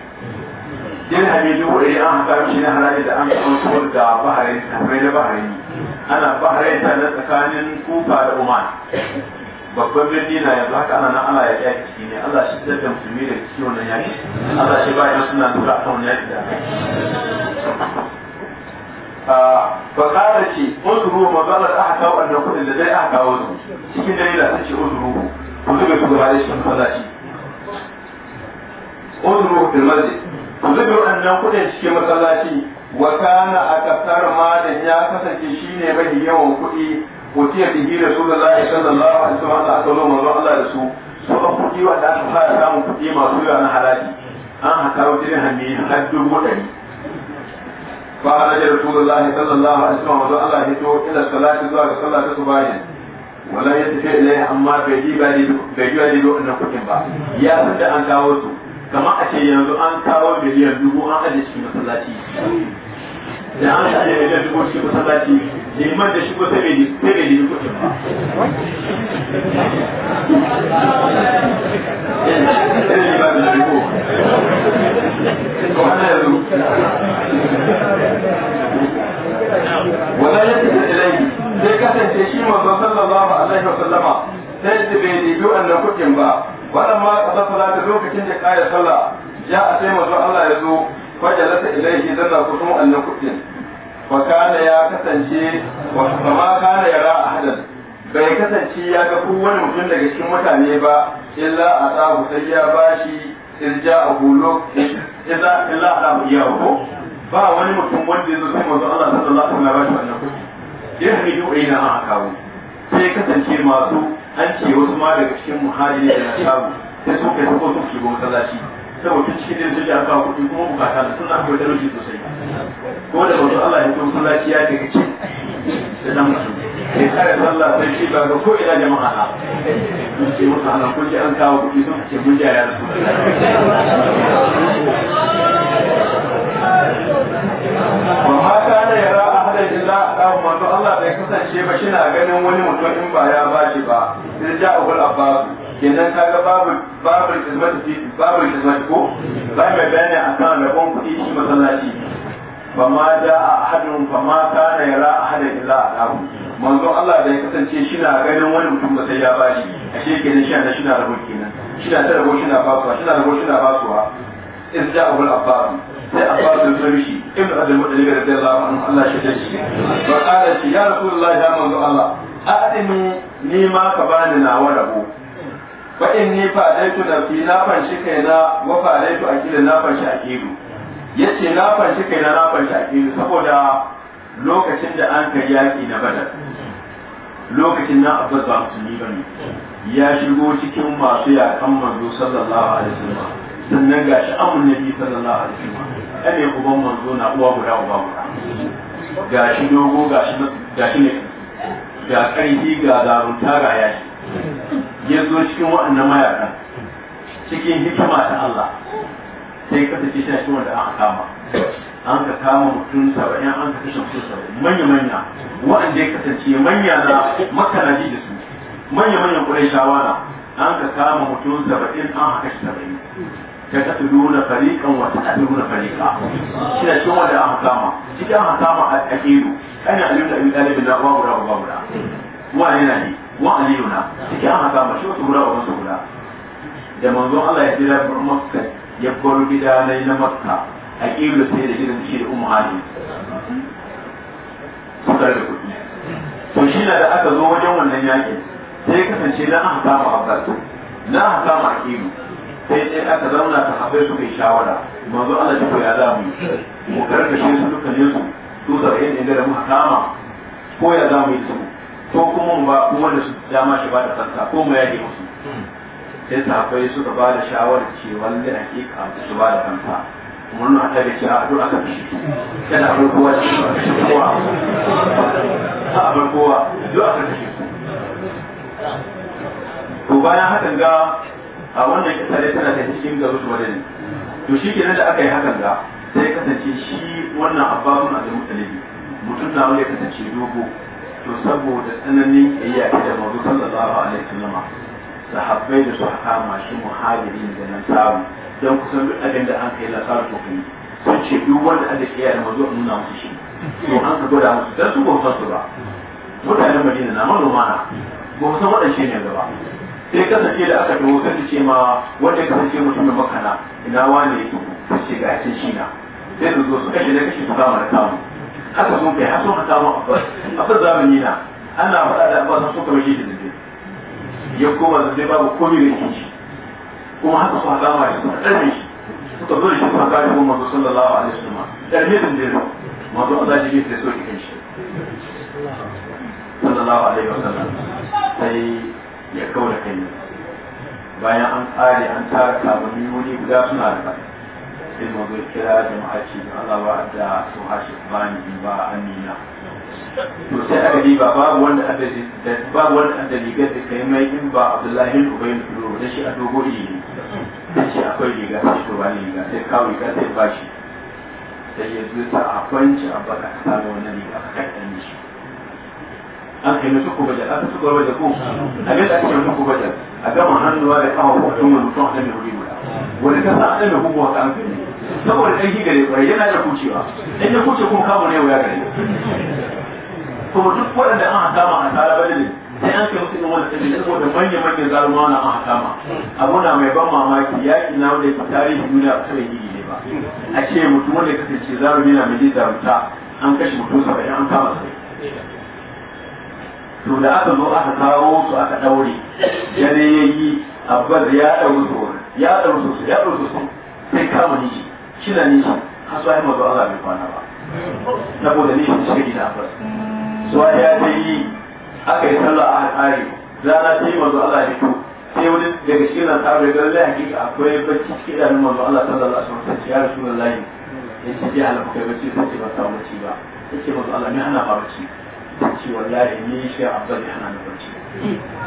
yana abin wuri an haka shi na haraji da an kwanto da baharai kamar da baharai ana baharai ta na tsakanin kufa da oman babban birni na yanzu haka ana nan ana yaƙi ciki ne Allah shi da da musulmi da ciwon nan yaƙi Allah shi ba ya suna dora a kan yaƙi da fa kada ce uzuru mazalar aka kawo annan kuɗin da zai aka kawo su cikin dalila ta ce uzuru ku zuba shugaba da shi kan fazashi uzuru bil masjid zube wannan kuɗin cikin masallaci wa kana akasar da ya kasance shine bai yawan kuɗi utiya bihi rasulullahi sallallahu a wasallam aka ma manzon Allah da su su an kuɗi wanda aka fara samun kuɗi masu yawa na haraji an haka wajen hannu har dubu ɗari da رسول الله صلى الله عليه وسلم Allah ya to ila salati zuwa ga salati su subahin wala yatafi ilayhi amma bai ji ba bai ji ba da wannan kudin ba ya san da an kawo su kamar a ce yanzu an kawo miliyan dubu an aje cikin masallaci da an aje miliyan dubu cikin masallaci liman da shigo sai bai sai bai yi kuɗin ba ko. wala yadda ilai sai kasance shi manzon sallallahu alaihi wasallama sai bai yi du'an da kuɗin ba wannan ma kasar salata lokacin da kaya sallah ya a sai mazu Allah ya zo fajalata ilaihi zanna kusum annan kuɗin wa kana ya kasance wa kama kana yara ahadan bai kasance ya ga kowane mutum daga cikin mutane ba illa a tsahu sai ya bashi irja a hulo illa illa a tsahu iya ko ba wani mutum wanda ya zo sai mazu Allah sallallahu alaihi wasallam ya bashi wannan kuɗi yin riyu ina a kawo sai kasance masu an ce wasu ma daga cikin muhajiri da samu sai sun kai ko su shigo masallaci saboda cikin dare suke kawo kuɗi kuma bukata da suna akwai talauci sosai ko da wasu Allah ya kuma masallaci ya daga ci da nan mutum ya kare sallah sai shi ba ga ko ina jama'a na sun ce wasu ana kun an kawo kuɗi sun ce mun jaya da su wa fa shi na ganin wani mutum in ba ya ba shi ba sai ja abul abbas kenan kaga babu babu hizmatu fi babu hizmatu ko ba mai bayani kan da kon kudi shi masallaci ba ma da ahadun fa ma kana yara ahadan illa adahu manzo Allah da ya kasance shi na ganin wani mutum ba sai ya ba shi shi kenan shi na shi na rabo kenan shi na tarbo shi na basuwa shi na rabo shi na basuwa irja abul abbas sai a ba su sarki ibn abdul muttalib radiyallahu anhu Allah shi da shi da shi ya Allah ya manzo Allah adinu ni ma ka bani nawa rabu fa ni fa daitu da fi na fanshi na wa fa daitu akila na fanshi akilu yace na fanshi kai na na fanshi akilu saboda lokacin da an kai yaki na badar lokacin na abbas ba musulmi bane ya shigo cikin masu yakan manzo sallallahu alaihi wasallam sannan ga shi abun nabi sallallahu alaihi wasallam ɗan ya uban manzo na uwa guda uba guda ga shi dogo ga shi ne ga ƙarfi ga zarunta ga shi. ya zo cikin waɗannan mayaka cikin hikima ta Allah sai kasance shi cikin wanda aka kama an ka kama mutum saba'in an ka kashe mutum saba'in manya-manya waɗanda ya kasance manya na ji da su manya-manyan ƙurai shawara, an ka kama mutum saba'in an haka shi saba'in ستأتون فريقا وتأتون فريقا إن سوى لا أهتاما إذا أهتاما الأكيد أنا أعلم أن يتألي بنا وابرا وابرا وعلينا لي وعلينا إذا أهتاما شو سهولا ومسهولا لما نظر الله يتلى برمكة يبقر بدا لين مكة أكيد لسيدة جدا تشير أم عالي سترى لكتنا فشينا لأتا زوجا ونعيانا سيكتن شيئا أهتاما أبدا لا أهتاما أكيد أهتاما sai dai aka zauna ta haɓe su kai shawara manzo Allah ce ya za mu yi mu shi su dukkanin su su saba'in inda da muka kama ko ya zamu yi su ko kuma mu ba kuma da su dama shi ba da tsarka ko mu yage musu sai su suka ba da shawarar ce wanda hakika su ba da kansa. mun na ta da a duk aka fi yana bar kowa kowa a bar kowa duk aka fi ko bayan hakan ga a wannan kisa dai tana ta cikin garin ne to shi kenan da aka yi hakan ga sai kasance shi wannan abbabun a zama talibi mutum na wanda ya kasance dogo to saboda tsananin iya da mazu sallallahu alaihi wasallam sahabbai da su kama shi muhajirin da nan samu don kusan duk abin da an kai lasarar kokari sun ce duk wanda aka kiyaye da mazu nuna musu shi to an ka gwada musu da su ba su ba mutanen madina na manoma na ba su san waɗance ne gaba sai kasance da aka dawo sai ce ma wanda ya kasance mutumin makana ina wane ce ga cin shi na sai su zo su kashe da kashe su kama da kamu haka sun kai haka sun ka mu a fa zamani na ana faɗa da abuwa sun kuma shi da zai ya koma da zai babu komai da kici kuma haka su haka ma shi suka ɗarme shi suka zo da shi suka kare mu manzo sallallahu alaihi wasallam ɗarme da zai ne Allah ji bai sai so ki kai shi sallallahu alaihi wasallam sai ya kawo da bayan an tsare an tara kamanni wani guda suna da kai sai mu zai kira jama'a ce da Allah ba da su ni in ba amina to sai aka ba babu wanda ji da babu wanda aka riga da kai mai in ba Abdullahi Ubay bin Duro da shi a dogo ne da shi akwai riga sai to bani riga sai kawo riga sai bashi sai ya zuta a kwanci a baka ta wannan riga aka kaddani shi an kai na suku bajar aka suku bajar ko abin da ake suku bajar a gama hannuwa da kama hukun wani mutum a ɗan wuri guda wani kasa a ɗan hukun wata an kai saboda ɗan shi gare kwarai yana da kucewa ɗan ya kuce kuma kama yau ya gare to duk waɗanda an hakama a tara badalin sai an kai mutum wani ɗan da saboda manya-manyan zaluma na an hakama abu na mai ban mamaki yaƙi na wanda ya fi tarihi duniya a kare gigi ne ba a ce mutum wanda ya kasance zarumi na mai zarumta an kashe mutum saba'in an kama sai to da aka zo aka kawo su aka daure dare ya yi abbas ya daure su ya daure su ya daure su sai kama nishi shi ni shi har su zo Allah bai kwana ba saboda ni shi gina abbas su ya ta yi aka yi sallah a Za na ta yi zo Allah ya fito sai wani daga cikin nan ta bai garin hakika akwai bacci cikin idanun zo Allah sallallahu alaihi wasallam sai ya rasulullahi ya ce ya halaka bacci sai ba ta ci ba yake zo Allah ne hana ba bacci ce wallahi ni shi abba da hana na bacci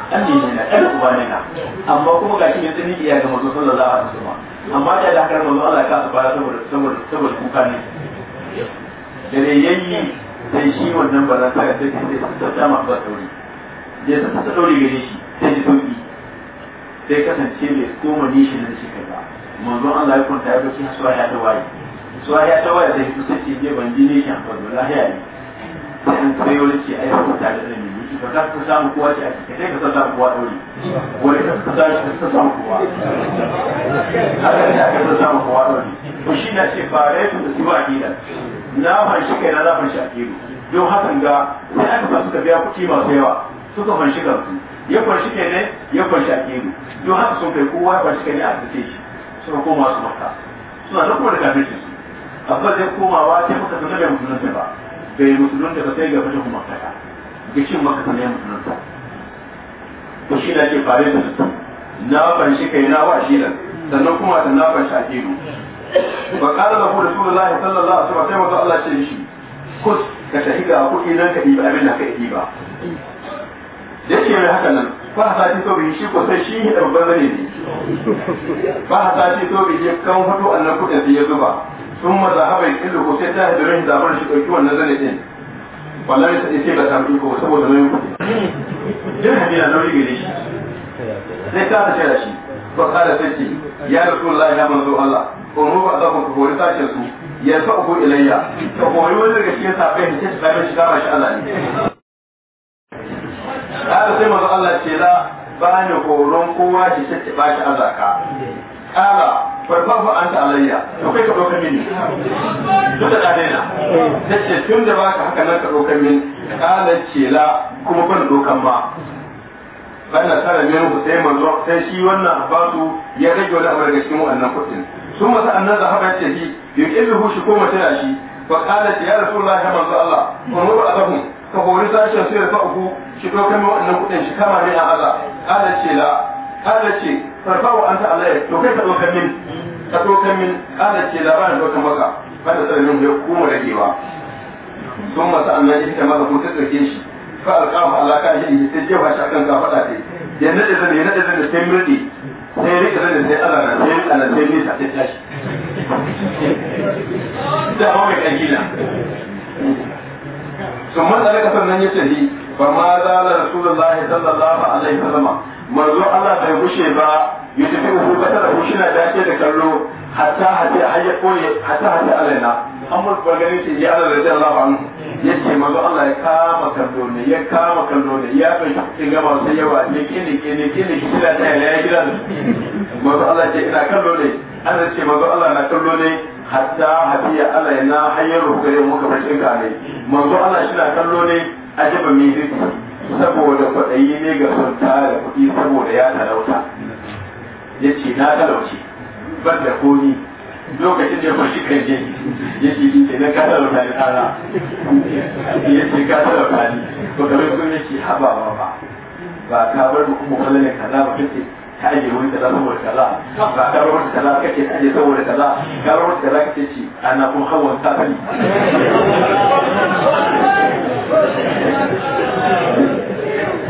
dan ne na kada uba ne na amma kuma ga shi yanzu ni iya ga manzo sallallahu alaihi wasallam amma da da kar manzo Allah ka su fara saboda saboda saboda kuka ne da ne yayi sai shi wannan baran ya sai sai ta ma ba dauri da ta ta dauri gare shi sai ji sauki sai kasance mai koma nishi nan shi kaza manzo Allah ya kwanta ya bacci har suwa ya tawaye suwa ya tawaye sai kusa ce ban ji nishin ba lahiya ne sai wani ce ai ku ta da ilimi yake ba za ku samu kowa ce a cikin kai ka san samu kowa dole wani ka sa shi ka samu kowa haka ne aka sa samu kowa dole to shi na ce fare su da su ba akida na fanshi kai na na fanshi akidu don hakan ga sai aka sa suka biya kuɗi masu yawa suka fanshi kansu ya fanshi kai ne ya fanshi akidu don haka sun kai kowa ya fanshi kai ne a cikin shi suka koma su maka suna da kuma da kafin shi su abba zai komawa sai muka sanar da musulunci ba bai musulun da sai ga fata kuma kasa ga cin maka sanai musulunta to shi da ke fare da su na fanshi kai na wa shi nan sannan kuma ta na fanshi a kiru ba kada da kuma lahi sallallahu alaihi wasallam sai Allah ce shi kus ka tafi ga kuɗi nan ka ɗiba abin da ka ɗiba da yake mai haka nan ba a sati so bai shi ko sai shi ya ɗabbar ne ba a sati so bai je kan hudu annan kuɗin sai ya zuba sun mazahaba ya ƙillu ko sai ta yi shi zaɓar shi ɗauki wannan zane ɗin wallahi sai ce ba samu iko saboda nauyin kuɗi jin hadina nauyi gare shi sai ta da shaya shi ba kada sai ce ya rasu Allah ya manzo Allah ko mu ba za ku ku hori sashen su ya sa ku ilayya ka yi wani daga cikin sabai da ke sabai shi kama shi Allah ne kada sai manzo Allah ce la ba ni horon kowa shi ta ba shi azaka kala farfar ba an ta alayya to kai ka ɗaukar mini duk da ɗanena ta ce tun da baka haka nan ka ɗaukar mini ƙalar cela kuma ban ɗaukar ma bayan tsara mai rufu sai manzo sai shi wannan abbasu ya rage wani abu daga cikin wannan kuɗin sun masa annan zahara ce shi yuqilluhu shi ko mace shi fa qala ya rasulullahi manzo Allah umuru azahum ka hori sashen sai da ku shi ɗaukar mai wannan kuɗin shi kama ne a Allah ƙalar la. kala ce farfawa an ta Allah to kai ka ɗaukar min ka ɗaukar min kala ce labarin ɗaukar maka ba da tsarin ya kuma ragewa sun masa annan ita maka ko ta tsarki shi fa alƙawa Allah ka shi ta jefa shi akan ka faɗa ce ya naɗe zan ya naɗe zane sai murɗe sai rika zane sai Allah na sai Allah sai nisa ta tashi da hawa mai ƙangila sun man tsarka sannan ya tafi ba ma za la rasulullahi sallallahu alaihi wasallam manzo Allah bai gushe ba ya tafi uku ba na da kallo hatta hatta hayya koye hatta hatta alaina amma ba gani shi ya Allah radiyallahu anhu yace manzo Allah ya kama kallo ne ya kama kallo ne ya shi gaba sai yawa ne shi da ta ya gida manzo Allah ce ina kallo ne Allah ce manzo Allah na kallo ne hatta hayyar muka ka ne manzo Allah shi na kallo ne ajaba saboda kwaɗayi ne ga sun tara kuɗi saboda ya talauta ya ce na talauce ban da komi lokacin da ya fashi kan jini ya ce shi ce na ka talauta ni tara ya ce ka talauta ni Ba kamar kun ya ce haba ba ba ba ka bar mu kuma ya kaza ba kace ta aje wani kaza saboda kaza ba ka bar wani kaza kace ta aje saboda kaza ka bar wani kaza kace ce ana kuma hawan ta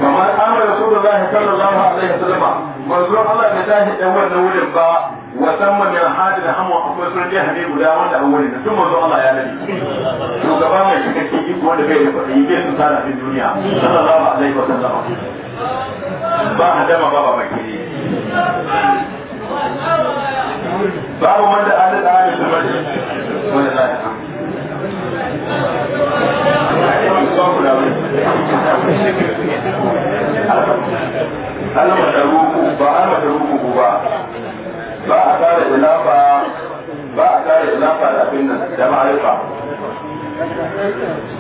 kamar an rasulullahi sallallahu alaihi wasallam manzo Allah bai tashi dan wannan wurin ba wasan wa samma min hadin hamu akwai sun je hade guda wanda an wurin tun manzo Allah ya nabi shugaba mai cikakke iko wanda bai da kuɗi yake sun tsara cikin duniya sallallahu alaihi wasallam ba hadama ba ba makiri babu man da da alil alil sunnati wala la yaqum Allah ba da ruku ba Allah da ruku ba ba a kare ilafa ba a kare ilafa da abin nan da ma'arifa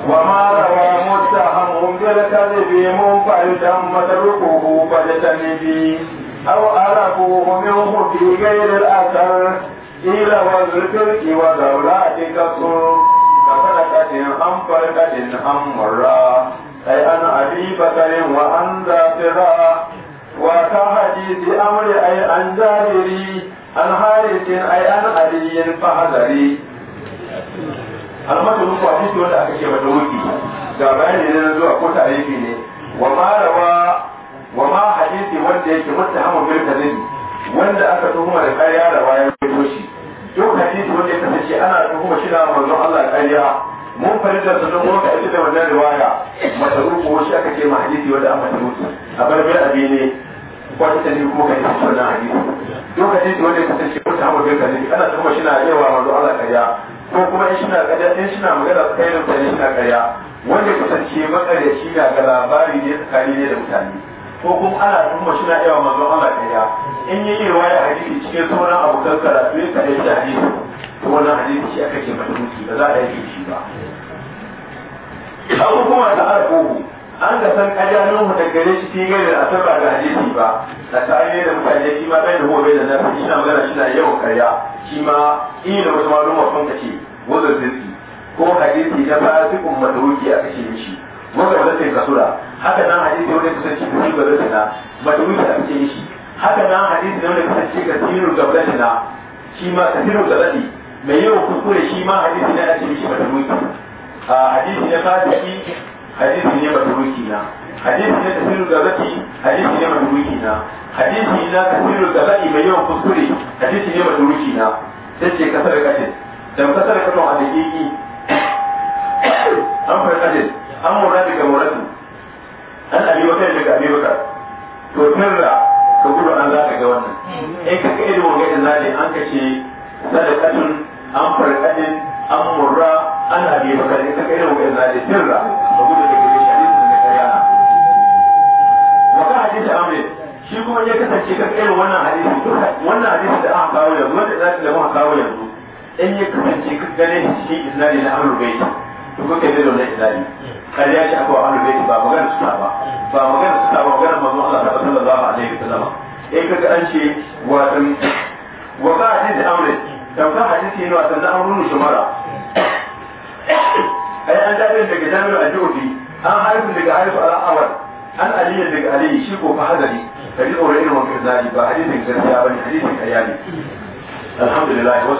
wa ma rawa mutta ham hum bil kadhibi mum fa yadam madruku ba da tanibi aw arafu hum yuhdi ghayr al athar ila wa zikri wa zawlatika عن فرقة عن مرة أي عن أبي بكر وعن ذاكرة وكحديث أمر أي عن جابري عن حارث أي عن علي فحذري almatu rufu hadisi wanda aka ce mata wuki ga bayani ne na zuwa ko tarihi ne wa ma rawa wa wanda yake wanda aka da da duk hadisi wanda ya kasance ana tuhuma shi da manzon Allah ƙarya mun fahimtar su don wanka ita da wannan riwaya masarufu shi aka ce ma hadisi wanda an masarufu a barbar abi ne ta ne kuma ka yi wannan hadisi duk hadisi wanda ya kasance ko ta hamar birka ne ana kuma shi na yawa manzo Allah kariya ko kuma in shina kariya in na magana tsakanin mutane na kariya wanda shi makare shi na ga labari ne tsakani ne da mutane ko kuma ana kuma shi na yawa manzon Allah ɗaya in yi yi waya hadisi cikin sauran abokan karatu ya kaɗai shi hadisi to wannan hadisi shi aka ce mutunci ba za a yi shi ba abu kuma da arko an ga san kajanun mu da gare shi cikin gare a saba da hadisi ba da tare da mutane shi ma bai da bai da nasu shi na magana shi na yawan karya shi ma ina wasu malumma sun ce, wazar ziki ko hadisi na fasikun madaruki aka ce mishi wanda wanda sai kasura haka nan hadisi wanda kusanci da shi gaba tana majmu'i a cikin shi haka nan hadisi wanda kusanci ga sirru gaba shi ma sirru gaba ne mai yawan kuskure shi ma hadisi na ajiye shi majmu'i a hadisi na fasiki hadisi ne majmu'i na hadisi na tasiru gabati hadisi ne majmu'i na hadisi na tasiru gabati mai yawan kuskure hadisi ne majmu'i na sai ce kasar katin dan kasar katin a daƙiƙi an farkajin an mura daga muratu an abi wata daga abi wata to tarra ka gudu an za ka ga wannan in ka ga irin ga in zali an ka ce sadaqatun an farqadin an murra an abi wata in ka ga irin wanga in zali tarra ka gudu daga shi hadisin da kariya wata hadisi amri shi kuma ya kasance ka irin wannan hadisi wannan hadisi da aka kawo yanzu wanda da aka kawo yanzu in ya kasance ka gane shi iznali na amru bai to kai da wannan iznali kariya shi aka wa ahlul bayt ba magana suna ba ba magana suna ba magana manzon Allah sallallahu alaihi wasallam in kaga an ce watan wa ka hadisi amrin tamka hadisi ne watan da amrun shumara ai an jabir daga jami'u al-jufi an harifu daga harifu al-awwal an aliyu daga aliyu shi ko fa hadari hadisi wurin wanka zali ba hadisin gaskiya bane hadisin kariya ne alhamdulillah wa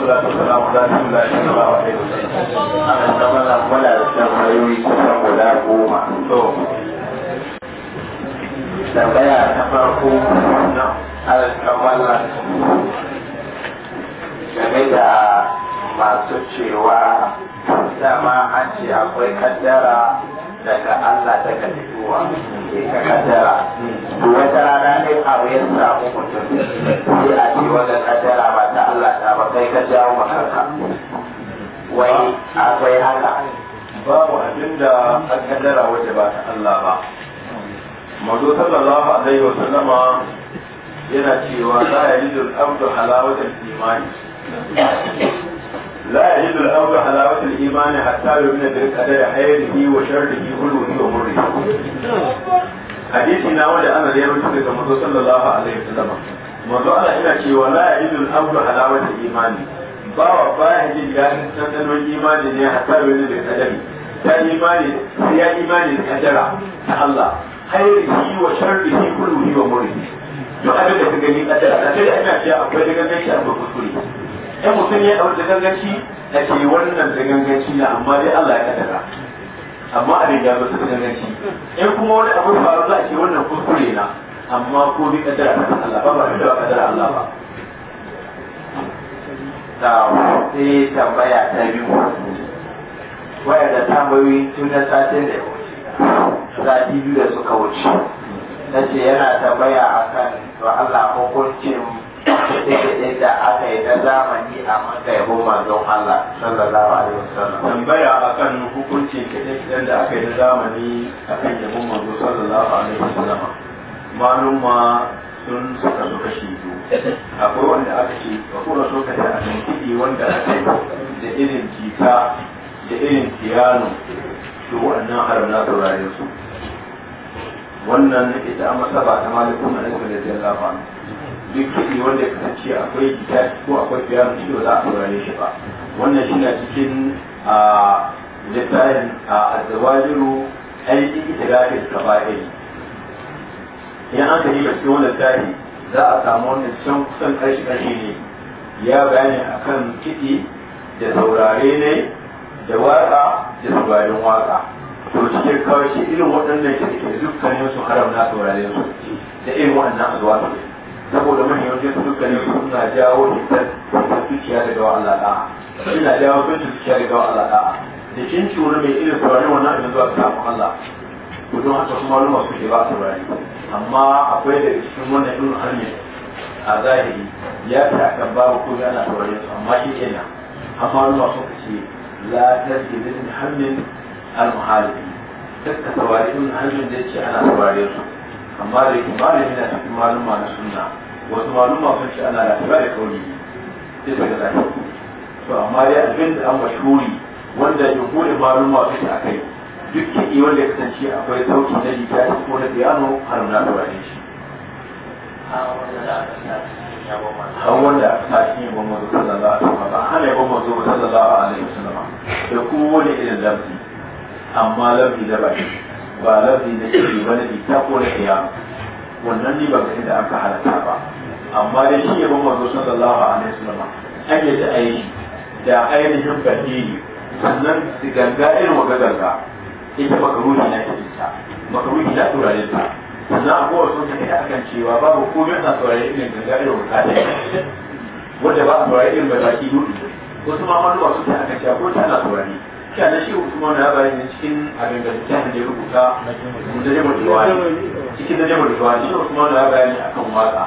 muna da tambayoyi kusan guda ta farko na game da masu cewa dama an akwai kaddara daga Allah daga fitowa kaddara to wata rana ne abu ya samu mutum sai a ce wanda kaddara ba ta Allah ta ba kai ka jawo makarka wai akwai haka babu abinda da an kaddara wacce ba ta Allah ba mazo sallallahu alaihi wa sallama yana cewa la yajidul abdu halawatal imani لا يجد الأمر حلاوة الإيمان حتى يؤمن بالقدر خيره وشره كله ومره حديثنا ولا أنا ليه بتفكر صلى الله عليه وسلم manzo Allah ina cewa la yajidul halawa halawatul imani bawa baya jin dadin tsananin imani ne hatta wani da kadari ta imani sai ya imani da kadara ta Allah khairihi wa sharrihi kulluhi wa murhi duk abin da ka gani kadara ta da ina cewa akwai daga ganin shi akwai kuskure in mutum ya ɗauki ganganci da ke wannan da ganganci na amma dai Allah ya kaddara amma a riga ba su ganganci in kuma wani abu faru za a ce wannan kuskure na amma ko bi kaddara ta Allah ba ba da kaddara Allah ba ta sai tambaya ta biyu waya da tambayoyi tun da satin da sati biyu da suka wuce na ce yana tambaya akan to Allah hukuncin kiɗe-kiɗe da aka yi da zamani a maka yabo manzon Allah sallallahu alaihi wasallam tambaya akan hukuncin kiɗe-kiɗen da aka yi da zamani akan yabo manzon sallallahu alaihi wasallam maluma sun suka zo kashi biyu akwai wanda aka ce ba kuma so ka ta kiɗi wanda aka yi da irin jita da irin piano to waɗannan haramna saurare su wannan ita a masaba ta malikun alaihi wa labarin. duk kiɗi wanda ka ce akwai gita ko akwai piano shi ba za a saurare shi ba wannan shi na cikin a littafin a azawajiru aiki ita da ake kaba'iri in an kaji da cikin wannan tarihi za a samu wannan can kusan ƙarshe ƙarshe ne ya bayani akan kiɗi da saurare ne da waƙa da saurarin waƙa to cikin kawai irin waɗannan kirkiri dukkanin su haram na saurare su da irin waɗannan azuwa saboda manyan suka ne suna jawo fitar zuciya daga wa Allah da'a suna jawo fitar zuciya daga wa Allah ɗaya. da kin curi mai irin saurari wannan yanzu a samu Allah Kudin don haka kuma maluma suke ba saurari amma akwai da cikin wannan irin hanyar a zahiri ya ta kan babu ko ana saurari yanzu amma shi kenan amma maluma suka ce la tasjidin hammin al-muhalibi ka saurari irin hanyar da yake ana saurari yanzu. amma da yake malami yana cikin maluma na sunna wasu ma sun ce ana da ba da kauli sai daga zafi to amma ya abin da an mashuri wanda jumhurin ma sun ce kai duk kiɗi wanda ya kasance akwai sauki na lita ko na biyano har na da wani shi an wanda aka sa shi yabon mazo sallallahu alaihi wasallam ba hana yabon mazo sallallahu alaihi wasallam da kuma wani irin lafi amma lafi da ba shi ba lafi da shi ba na ita ko shiya wannan ne ba ga inda aka halatta ba amma da shi ya ban mazo sallallahu alaihi wasallam an yi da aini da ainihin bahiri sannan ganga irin wa gaganga ita makaruhi na cikin ta makaruhi na turare ta sannan a kowace sun take akan cewa babu komai a turare irin ganga irin wa ta wanda ba a turare irin ba ta ki dudu wasu ma manuwa sun ta akan cewa ko ta na turare shi na shi na ya yin cikin abin da littafin da ya rubuta da jama'a duwani cikin da jama'a duwani shi usman ya bayyana akan waka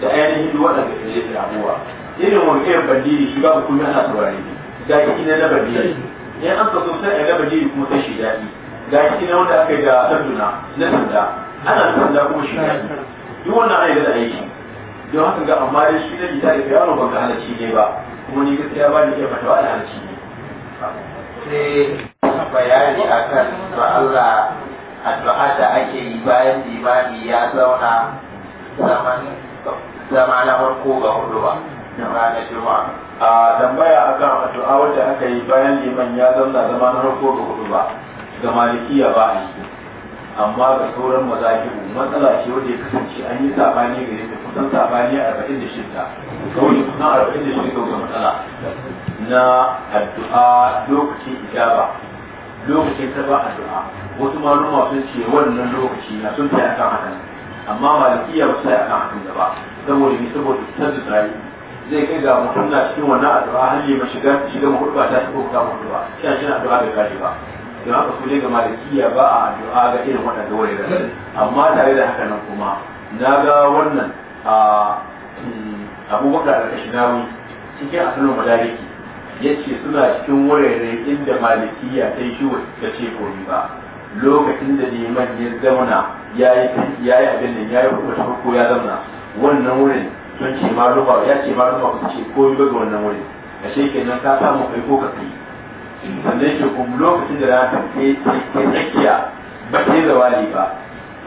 da ainihin duk waɗanda ke yi abubuwa irin wankaiyar bandiri shi babu kuma ana turare ga shi ne na bandiri in an ka sosai a ga bandiri kuma sai shi daɗi ga shi ne wanda aka yi da sanduna na sanda ana sanda kuma shi daɗi duk wannan ayyuka da aiki don haka ga amma dai shi na da yaro ban ga halarci ne ba kuma ni gaskiya ba ni iya fatawa da halarci sai bayani akan to Allah addu'a da ake yi bayan limami ya zauna zaman zama na farko ga hudu ba ranar juma'a a tambaya akan addu'a wacce aka yi bayan liman ya zauna zama na farko ga hudu ba ga malikiya ba a yi amma ga sauran mazahibu matsala ce wanda ya kasance an yi sabani gare ta kusan sabani arba'in da shidda kawai kusan arba'in da shi ga matsala na addu'a lokacin ijaba lokacin karɓar addu'a wasu maluma sun ce wannan lokaci na sun fi akan hakan amma malikiya ba su tsaya kan hakan da ba saboda ni saboda ta su tsayi zai kai ga mutum na cikin wannan addu'a har ne shiga shiga mahurba ta shigo ka ba shi shi addu'a bai kashi ba don haka su ne ga malikiya ba a addu'a ga irin waɗanda wurare amma tare da haka nan kuma na ga wannan a ah, hmm, abubakar da Kashi nawi cikin asalin madariki ya ce suna cikin wurare inda malikiya ta yi shi ta ce komi ba lokacin da liman ya zauna ya yi abin da ya yi wata farko ya zauna wannan wurin sun ce ma ruba ya ce ma ruba ku ce komi ba ga wannan wurin a shekenan ka samu kai ko ka kai sannan ke kuma lokacin da na ta kai tsakiya ba ta yi zawali ba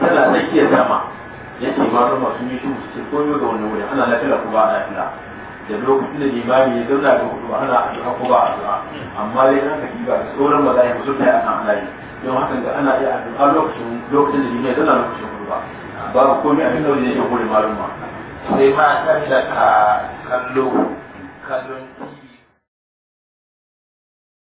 tana tsakiyar sama yace malama sun yi shi cikin ko yau da wani wuri ana lafiya ko ba ana lafiya da lokacin da limami ya zauna da hudu ana addu'a ko ba addu'a amma dai haka ki ba tsoron ba za ya fito sai kan ana yi don haka ga ana iya addu'a lokacin lokacin da limami ya zauna lokacin hudu ba babu komai abin da wani yake kore malama sai ma kan da ka kallo kallon